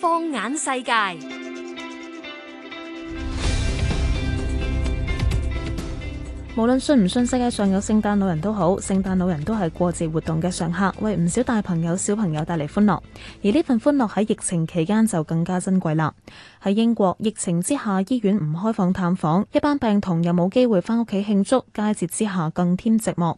放眼世界。無論信唔信世界上有聖誕老人都好，聖誕老人都係過節活動嘅常客，為唔少大朋友小朋友帶嚟歡樂。而呢份歡樂喺疫情期間就更加珍貴啦。喺英國疫情之下，醫院唔開放探訪，一班病童又冇機會返屋企慶祝，佳節之下更添寂寞。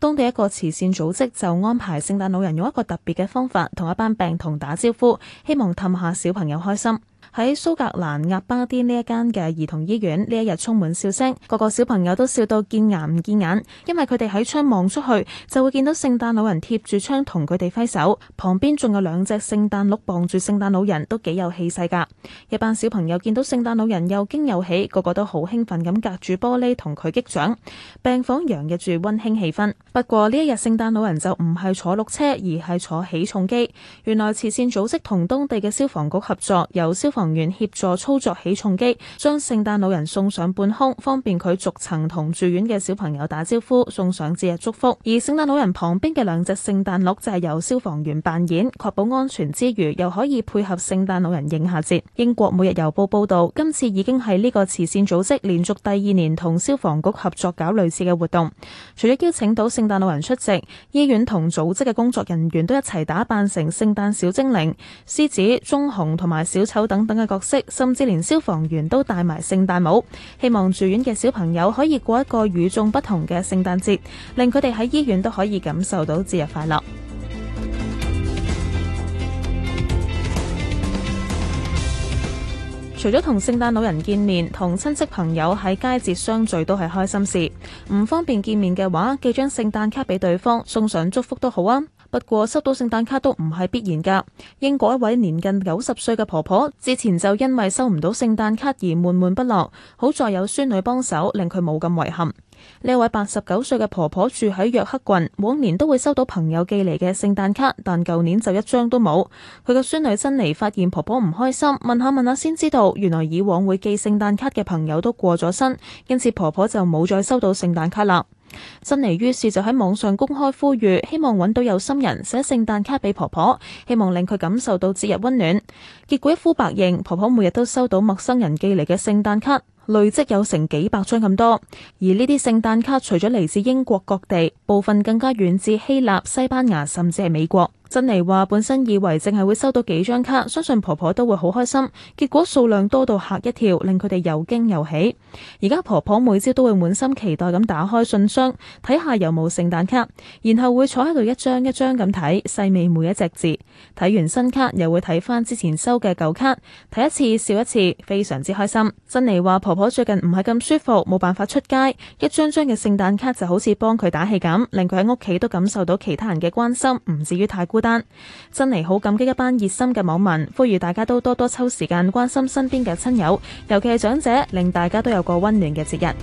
當地一個慈善組織就安排聖誕老人用一個特別嘅方法，同一班病童打招呼，希望氹下小朋友開心。喺蘇格蘭鴨巴甸呢一間嘅兒童醫院，呢一日充滿笑聲，個個小朋友都笑到見牙唔見眼，因為佢哋喺窗望出去，就會見到聖誕老人貼住窗同佢哋揮手，旁邊仲有兩隻聖誕鹿傍住聖誕老人，都幾有氣勢㗎。一班小朋友見到聖誕老人又驚又喜，個個都好興奮咁隔住玻璃同佢擊掌，病房洋溢住溫馨氣氛。不過呢一日聖誕老人就唔係坐鹿車，而係坐起重機。原來慈善組織同當地嘅消防局合作，由消防成員協助操作起重機，將聖誕老人送上半空，方便佢逐層同住院嘅小朋友打招呼，送上節日祝福。而聖誕老人旁邊嘅兩隻聖誕鹿就係由消防員扮演，確保安全之餘，又可以配合聖誕老人影下節。英國每日郵報報道，今次已經係呢個慈善組織連續第二年同消防局合作搞類似嘅活動。除咗邀請到聖誕老人出席，醫院同組織嘅工作人員都一齊打扮成聖誕小精靈、獅子、棕熊同埋小丑等等。嘅角色，甚至連消防員都戴埋聖誕帽，希望住院嘅小朋友可以過一個與眾不同嘅聖誕節，令佢哋喺醫院都可以感受到節日快樂。 除咗同聖誕老人見面，同親戚朋友喺佳節相聚都係開心事。唔方便見面嘅話，寄張聖誕卡俾對方，送上祝福都好啊。不過收到聖誕卡都唔係必然㗎。英國一位年近九十歲嘅婆婆之前就因為收唔到聖誕卡而悶悶不樂，好在，有孫女幫手，令佢冇咁遺憾。呢位八十九歲嘅婆婆住喺約克郡，往年都會收到朋友寄嚟嘅聖誕卡，但舊年就一張都冇。佢嘅孫女珍妮發現婆婆唔開心，問下問下先知道，原來以往會寄聖誕卡嘅朋友都過咗身，因此婆婆就冇再收到聖誕卡啦。珍妮於是就喺網上公開呼籲，希望揾到有心人寫聖誕卡俾婆婆，希望令佢感受到節日溫暖。結果一呼百應，婆婆每日都收到陌生人寄嚟嘅聖誕卡，累積有成幾百張咁多。而呢啲聖誕卡除咗嚟自英國各地，部分更加遠至希臘、西班牙，甚至係美國。珍妮話本身以為淨係會收到幾張卡，相信婆婆都會好開心。結果數量多到嚇一跳，令佢哋又驚又喜。而家婆婆每朝都會滿心期待咁打開信箱，睇下有冇聖誕卡，然後會坐喺度一張一張咁睇，細味每一隻字。睇完新卡又會睇翻之前收嘅舊卡，睇一次笑一次，非常之開心。珍妮話婆婆最近唔係咁舒服，冇辦法出街，一張張嘅聖誕卡就好似幫佢打氣咁，令佢喺屋企都感受到其他人嘅關心，唔至於太孤單。真尼好感激一班熱心嘅網民，呼籲大家都多多抽時間關心身邊嘅親友，尤其係長者，令大家都有個溫暖嘅節日。